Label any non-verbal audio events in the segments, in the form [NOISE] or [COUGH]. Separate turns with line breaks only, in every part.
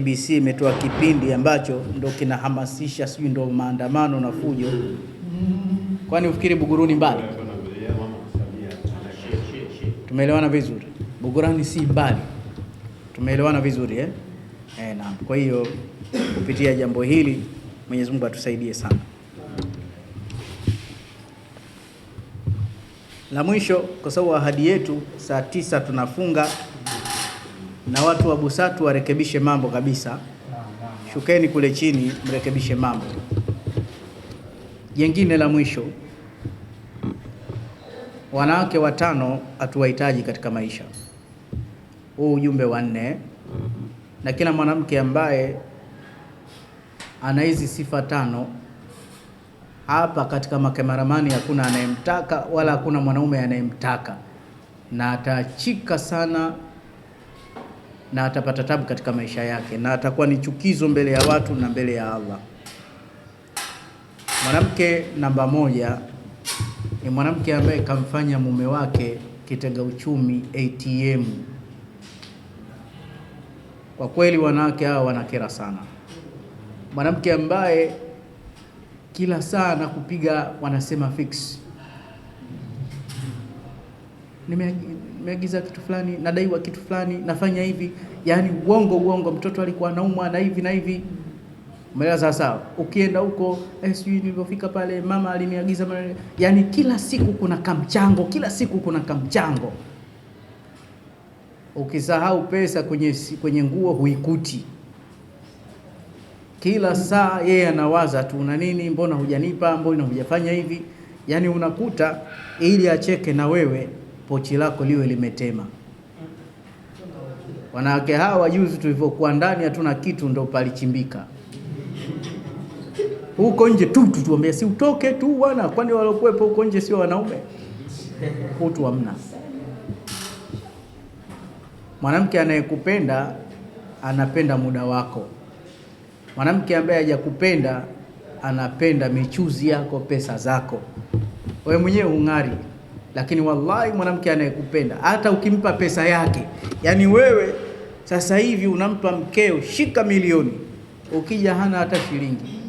BBC imetoa kipindi ambacho ndo kinahamasisha sijui ndo maandamano na fujo. Kwani ufikiri Buguruni mbali? Tumeelewana vizuri, Bugurani si mbali, tumeelewana vizuri eh? E, eh, na kwa hiyo kupitia jambo hili Mwenyezi Mungu atusaidie sana. La mwisho, kwa sababu ahadi yetu saa tisa tunafunga na watu wa Busatu warekebishe mambo kabisa. Shukeni kule chini mrekebishe mambo. Jengine la mwisho, wanawake watano hatuwahitaji katika maisha. Huu ujumbe wa nne, na kila mwanamke ambaye ana hizi sifa tano hapa katika makemaramani hakuna anayemtaka wala hakuna mwanaume anayemtaka, na atachika sana na atapata tabu katika maisha yake na atakuwa ni chukizo mbele ya watu na mbele ya Allah. Mwanamke namba moja ni mwanamke ambaye kamfanya mume wake kitega uchumi ATM. Kwa kweli wanawake hawa wanakera sana. Mwanamke ambaye kila saa na kupiga wanasema fix. Nime nimeagiza kitu fulani, nadaiwa kitu fulani, nafanya hivi, Yani uongo uongo, mtoto alikuwa anaumwa na hivi na hivi. Umeelewa? Sasa ukienda huko eh, sijui nilipofika pale mama aliniagiza, yani kila siku kuna kamchango, kila siku kuna kamchango. Ukisahau pesa kwenye kwenye nguo huikuti. Kila saa yeye anawaza tu, na nini, mbona hujanipa, mbona hujafanya hivi, Yani unakuta ili acheke na wewe pochi lako liwe limetema. Wanawake hawa juzi tulivyokuwa ndani hatuna kitu, ndo palichimbika huko nje tu tutuambia, si utoke tu bwana, kwani waliokuwepo huko nje sio wanaume? Utu hamna. Mwanamke anayekupenda anapenda muda wako. Mwanamke ambaye hajakupenda anapenda michuzi yako, pesa zako, wewe mwenyewe ung'ari. Lakini wallahi mwanamke anayekupenda hata ukimpa pesa yake, yani wewe sasa hivi unampa mkeo, shika milioni, ukija hana hata shilingi.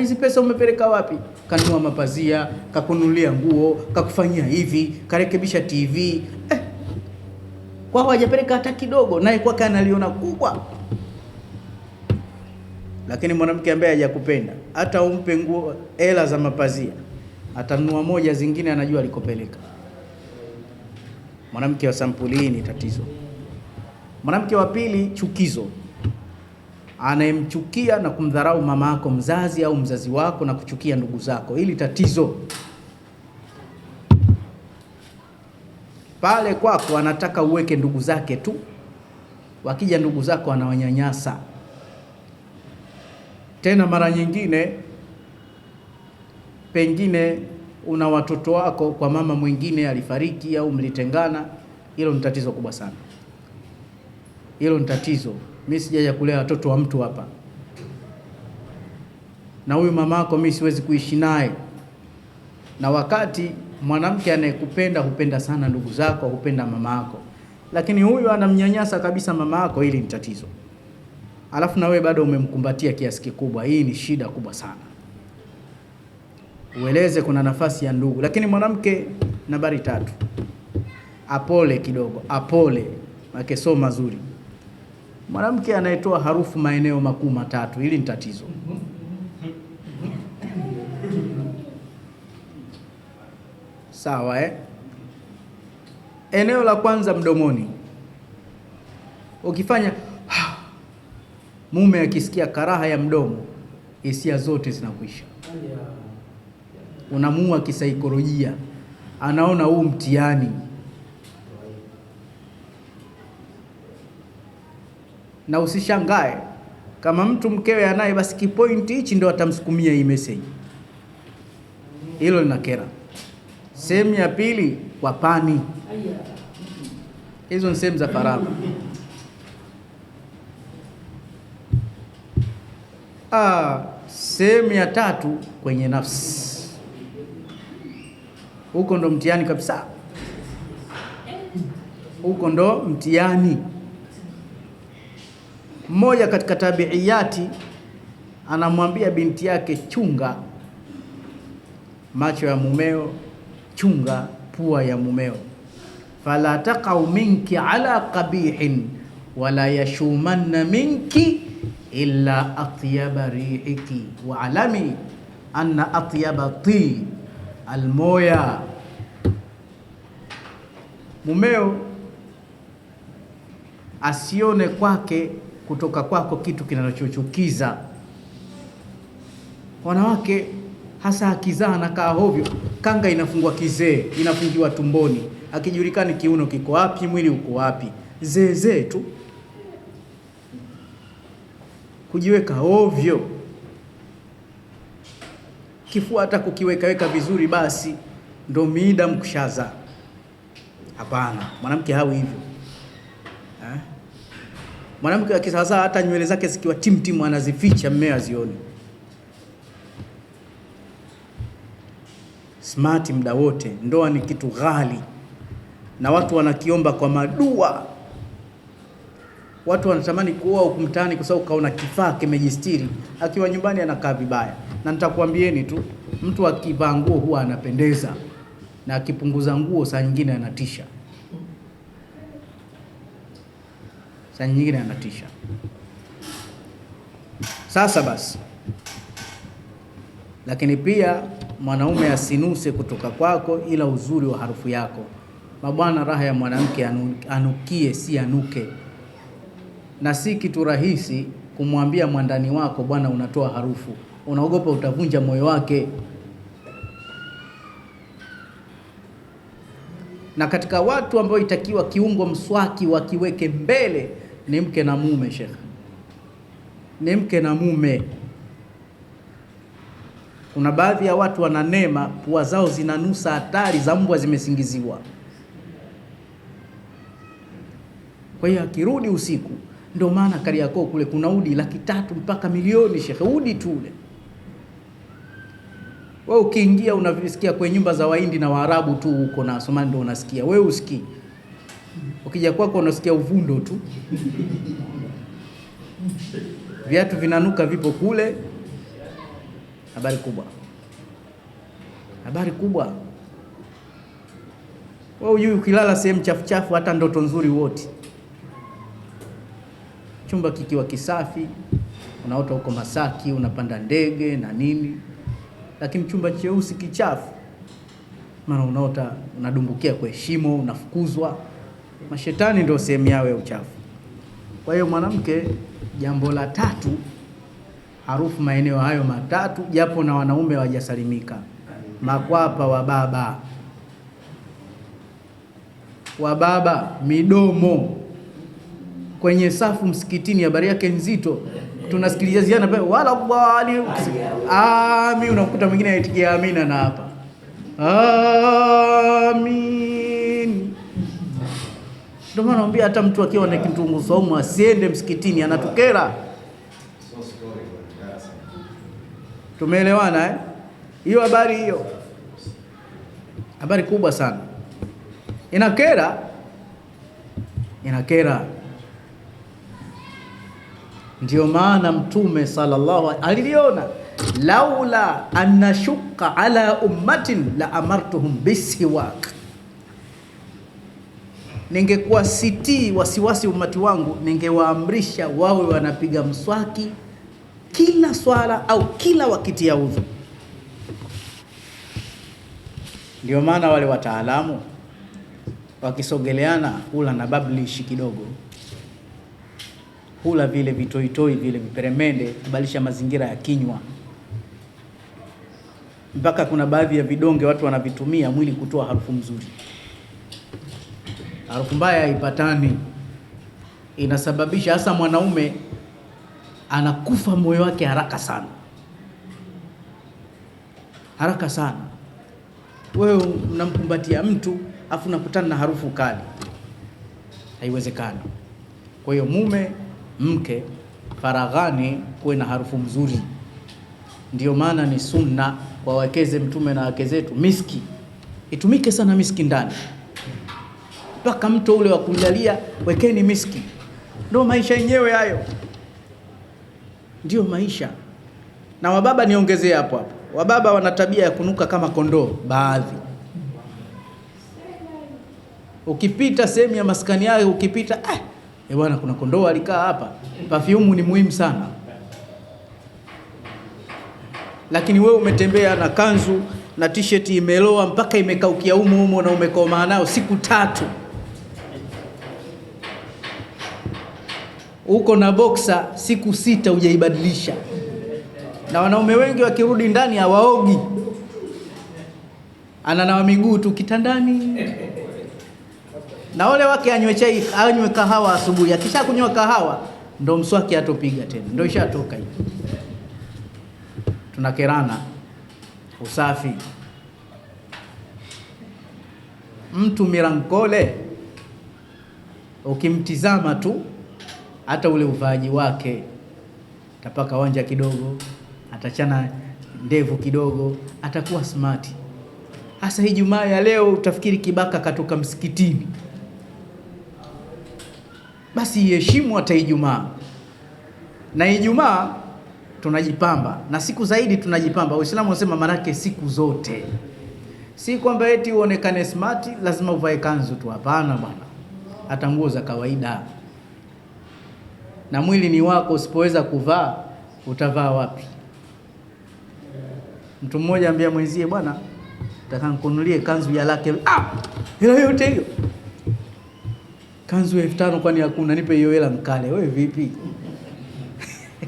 Hizi pesa umepeleka wapi? Kanua mapazia, kakunulia nguo, kakufanyia hivi, karekebisha TV eh. Kwa hajapeleka hata kidogo, naye kwake analiona kubwa. Lakini mwanamke ambaye hajakupenda hata umpe nguo, hela za mapazia, atanunua moja, zingine anajua alikopeleka. Mwanamke wa sampuli hii ni tatizo. Mwanamke wa pili, chukizo, anayemchukia na kumdharau mama yako mzazi au mzazi wako na kuchukia ndugu zako, hili tatizo. Pale kwako anataka uweke ndugu zake tu, wakija ndugu zako anawanyanyasa. Tena mara nyingine pengine una watoto wako kwa mama mwingine alifariki au mlitengana, hilo ni tatizo kubwa sana. Hilo ni tatizo. Mimi sijaja kulea watoto wa mtu hapa, na huyu mamako mimi siwezi kuishi naye. Na wakati mwanamke anayekupenda hupenda sana ndugu zako, hupenda mama yako, lakini huyu anamnyanyasa kabisa mama yako, hili ni tatizo. Alafu na wewe bado umemkumbatia kiasi kikubwa, hii ni shida kubwa sana ueleze kuna nafasi ya ndugu, lakini mwanamke nambari tatu, apole kidogo, apole make so mazuri. Mwanamke anayetoa harufu maeneo makuu matatu, hili ni tatizo. Sawa eh? Eneo la kwanza mdomoni, ukifanya mume akisikia karaha ya mdomo, hisia zote zinakuisha unamua kisaikolojia, anaona huu mtihani. Na usishangae kama mtu mkewe anaye, basi kipointi hichi ndo atamsukumia hii meseji. Hilo linakera. Sehemu ya pili, wapani. Hizo ni sehemu za faragha. Ah, sehemu ya tatu kwenye nafsi huko ndo mtihani kabisa, huko ndo mtihani. Mmoja katika tabiiyati anamwambia binti yake, chunga macho ya mumeo, chunga pua ya mumeo, fala taqau minki ala qabihin wala yashumanna minki illa atyaba rihiki waalami anna atyaba ti almoya. Mumeo asione kwake kutoka kwako kitu kinachochukiza. Wanawake hasa akizaa anakaa hovyo, kanga inafungwa kizee, inafungiwa tumboni, akijulikani kiuno kiko wapi, mwili uko wapi, zeezee tu, kujiweka ovyo kifua hata kukiwekaweka vizuri, basi ndo mida mkushaza. Hapana, mwanamke hawi hivyo eh? Mwanamke akisaza hata nywele zake zikiwa timtim anazificha mmea azioni. Smart mda wote. Ndoa ni kitu ghali na watu wanakiomba kwa madua. Watu wanatamani kuoa huku mtaani, kwa sababu kaona kifaa kimejistiri, akiwa nyumbani anakaa vibaya na nitakwambieni tu, mtu akivaa nguo huwa anapendeza, na akipunguza nguo saa nyingine anatisha, saa nyingine anatisha. Sasa basi, lakini pia mwanaume asinuse kutoka kwako, ila uzuri wa harufu yako. Mabwana, raha ya mwanamke anukie, si anuke. Na si kitu rahisi kumwambia mwandani wako, bwana, unatoa harufu unaogopa utavunja moyo wake. Na katika watu ambao itakiwa kiungo mswaki wakiweke mbele ni mke na mume, shekhe, ni mke na mume. Kuna baadhi ya watu wana neema, pua zao zinanusa hatari za mbwa zimesingiziwa. Kwa hiyo akirudi usiku, ndio maana Kariakoo kule kuna udi laki tatu mpaka milioni shekhe, udi tu ule wewe ukiingia unavisikia kwenye nyumba za Wahindi na Waarabu tu huko na Somali ndio unasikia. Wewe usikii. Ukija kwako unasikia uvundo tu. Viatu vinanuka vipo kule. Habari kubwa. Habari kubwa. Wewe ujui ukilala sehemu chafu chafu hata ndoto nzuri wote. Chumba kikiwa kisafi, unaota huko Masaki, unapanda ndege na nini lakini chumba cheusi kichafu, maana unaota unadumbukia kwa heshima, unafukuzwa. Mashetani ndio sehemu yao ya uchafu. Kwa hiyo mwanamke, jambo la tatu, harufu maeneo hayo matatu, japo na wanaume hawajasalimika. Makwapa wa baba wa baba, midomo kwenye safu msikitini, habari yake nzito tunasikilizana pale, wala wali ami, unakuta mwingine aitikia amina na hapa amin. Ndio maana naambia hata mtu akiwa na kitunguu saumu asiende msikitini, anatukera. Tumeelewana eh? Hiyo habari hiyo habari kubwa sana, inakera inakera ndio maana Mtume sallallahu aliliona, laula anashuka ala ummatin la amartuhum bisiwak, ningekuwa sitii wasiwasi umati wangu, ningewaamrisha wawe wanapiga mswaki kila swala au kila wakati ya udhu. Ndio maana wale wataalamu wakisogeleana, hula na bablishi kidogo hula vile vitoitoi vile viperemende kubadilisha mazingira ya kinywa, mpaka kuna baadhi ya vidonge watu wanavitumia mwili kutoa harufu mzuri. Harufu mbaya haipatani, inasababisha hasa mwanaume anakufa moyo wake haraka sana, haraka sana. Wewe unamkumbatia mtu afu unakutana na harufu kali, haiwezekani. Kwa hiyo mume mke faraghani, kuwe na harufu mzuri. Ndio maana ni sunna kwa wakeze Mtume na wake zetu miski, itumike sana miski ndani, mpaka mto ule wa kumjalia wekeni miski. Ndio maisha yenyewe hayo, ndio maisha. Na wababa niongezee hapo hapo, wababa wana tabia ya kunuka kama kondoo baadhi ukipita sehemu ya maskani yake ukipita eh, Eh, bwana kuna kondoo alikaa hapa. Perfume ni muhimu sana. Lakini wewe umetembea na kanzu na t-shirt imeloa mpaka imekaukia humo humo na umekomaa nao siku tatu. Uko na boksa siku sita hujaibadilisha. Na wanaume wengi wakirudi ndani hawaogi. Ananawa miguu tu kitandani na ole wake anywe chai, anywe kahawa asubuhi. Akisha kunywa kahawa ndo mswaki atopiga tena, ndo ishatoka hiyo. Tunakerana usafi. Mtu mirankole ukimtizama tu, hata ule uvaaji wake, atapaka wanja kidogo, atachana ndevu kidogo, atakuwa smart. Hasa hii Jumaa ya leo utafikiri kibaka katoka msikitini basi iheshimu hata Ijumaa. Na Ijumaa tunajipamba na siku zaidi tunajipamba. Uislamu unasema manake siku zote, si kwamba eti uonekane smart lazima uvae kanzu tu. Hapana bwana, hata nguo za kawaida. Na mwili ni wako, usipoweza kuvaa utavaa wapi? Mtu mmoja ambia mwenzie, bwana, nataka nikununulie kanzu ya lake. Ah, hilo yote hiyo kanzu elfu tano kwani hakuna? Nipe hiyo hela mkale. Wewe vipi?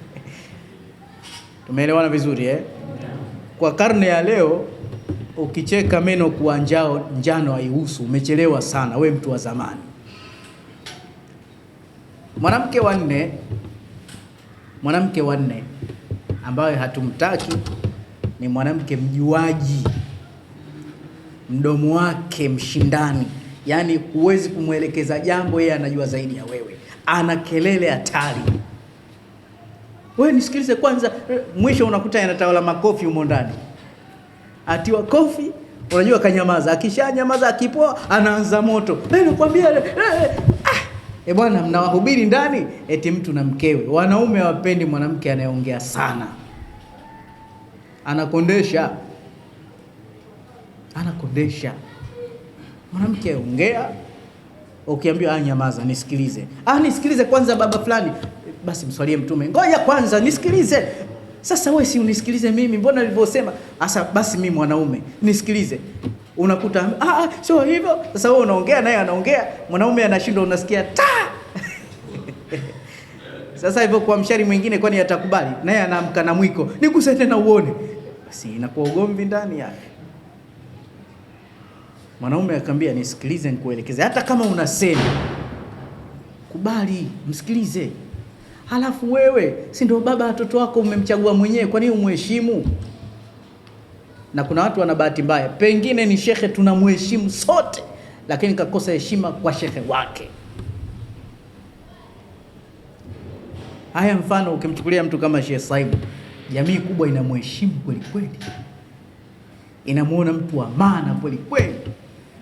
[LAUGHS] Tumeelewana vizuri eh? Kwa karne ya leo ukicheka meno kuwa njao, njano haihusu. Umechelewa sana we mtu wa zamani. Mwanamke wa nne, mwanamke wa nne ambaye hatumtaki ni mwanamke mjuaji, mdomo wake mshindani yaani huwezi kumwelekeza jambo, yeye anajua zaidi ya wewe, ana kelele hatari. Wewe nisikilize kwanza, mwisho unakuta yanatawala makofi humo ndani, atiwa kofi, unajua kanyamaza, akishanyamaza akipoa anaanza moto, eh, nakwambia E bwana, mnawahubiri ndani eti mtu na mkewe. Wanaume wapendi mwanamke anayeongea sana, anakondesha, anakondesha. Mwanamke ongea, ukiambiwa okay, ah, nyamaza, nisikilize. Ah, nisikilize kwanza baba fulani, basi mswalie Mtume, ngoja kwanza nisikilize. Sasa wewe si unisikilize mimi, mbona nilivyosema? Asa basi mimi mwanaume nisikilize. Unakuta ah, ah, sio hivyo. Sasa wewe unaongea naye anaongea, mwanaume anashindwa, unasikia ta [LAUGHS] sasa hivyo kwa mshari mwingine, kwani atakubali? Naye anaamka na mwiko, nikusende na uone, basi inakuwa ugomvi ndani yake. Mwanaume akamwambia, nisikilize, nikuelekeze. Hata kama unasema kubali, msikilize. Halafu wewe si ndio baba watoto wako, umemchagua mwenyewe, kwa nini umheshimu? Na kuna watu wana bahati mbaya, pengine ni shekhe tunamheshimu sote, lakini kakosa heshima kwa shekhe wake. Haya, mfano ukimchukulia mtu kama Sheikh Saibu, jamii kubwa inamheshimu kweli kweli, inamuona mtu wa maana kweli kweli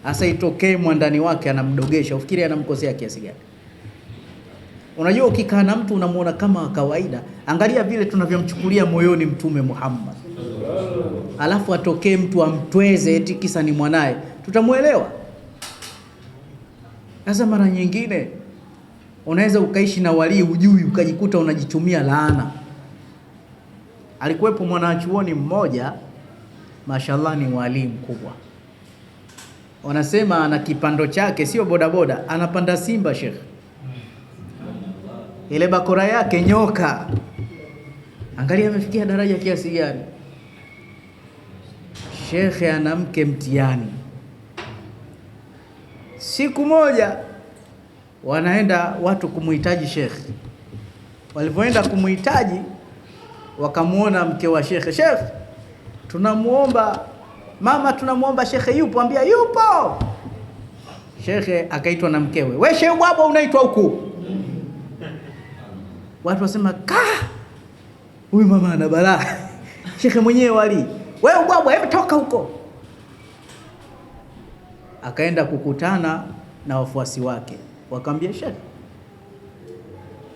hasa itokee mwandani wake anamdogesha, ufikiri anamkosea kiasi gani? Unajua, ukikaa na mtu unamuona kama kawaida, angalia vile tunavyomchukulia moyoni Mtume Muhammad, alafu atokee mtu amtweze eti kisa ni mwanaye, tutamwelewa? Sasa mara nyingine unaweza ukaishi na walii ujui ukajikuta unajitumia laana. Alikuwepo mwanachuoni mmoja, mashallah, ni walii mkubwa wanasema ana kipando chake, sio bodaboda, anapanda simba shekhe ile bakora yake nyoka. Angalia amefikia daraja kiasi gani. Shekhe ana mke Siku moja wanaenda watu kumuhitaji shekhe. Walipoenda kumuhitaji, wakamwona mke wa shekhe. Shekhe, tunamuomba mama, tunamwomba shekhe, yupo? Ambia yupo. Shekhe akaitwa na mkewe, we shehe bwabwa unaitwa huku. Watu wasema ka huyu mama ana balaa. [LAUGHS] Shekhe mwenyewe wali, we ubwabwa, hebu toka huko. Akaenda kukutana na wafuasi wake, wakamwambia shekhe,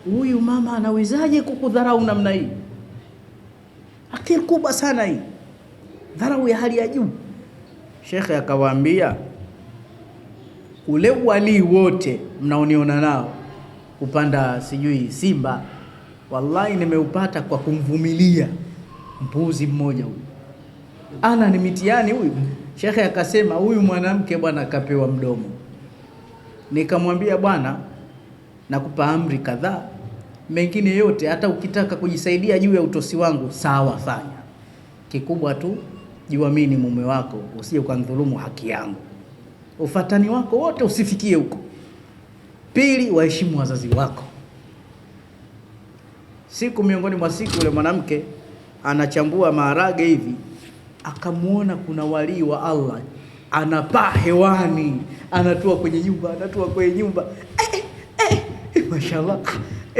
huyu mama anawezaje kukudharau namna hii? Akili kubwa sana hii dharau ya hali ya juu. Shekhe akawaambia ule walii wote mnaoniona nao kupanda sijui simba, wallahi nimeupata kwa kumvumilia mbuzi mmoja huyu. Ana ni mitiani huyu. Shekhe akasema huyu mwanamke bwana akapewa mdomo. Nikamwambia bwana, nakupa amri kadhaa, mengine yote hata ukitaka kujisaidia juu ya utosi wangu sawa, fanya kikubwa tu jua mimi ni mume wako, usije ukandhulumu haki yangu. Ufatani wako wote usifikie huko. Pili, waheshimu wazazi wako. Siku miongoni mwa siku, yule mwanamke anachambua maharage hivi, akamwona kuna walii wa Allah anapaa hewani, anatua kwenye nyumba, anatua kwenye nyumba, eh, eh, eh mashallah